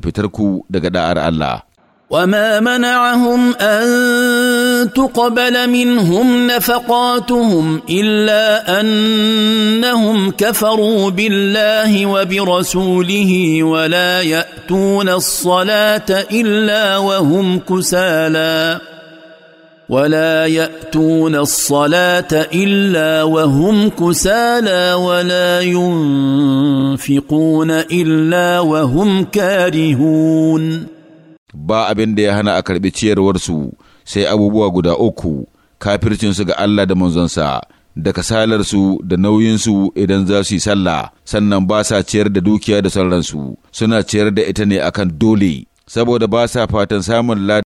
da ku daga da'ar Allah. وما منعهم أن تقبل منهم نفقاتهم إلا أنهم كفروا بالله وبرسوله ولا يأتون الصلاة إلا وهم كسالى ولا يأتون الصلاة إلا وهم كسالى ولا ينفقون ينفقون إلا وهم كارهون ba abin da ya hana a karɓi ciyarwarsu sai abubuwa guda uku kafircinsu ga Allah da manzonsa da kasalarsu da nauyinsu idan za su yi sallah sannan ba sa ciyar da dukiya da sauransu suna ciyar da ita ne akan dole saboda ba sa fatan samun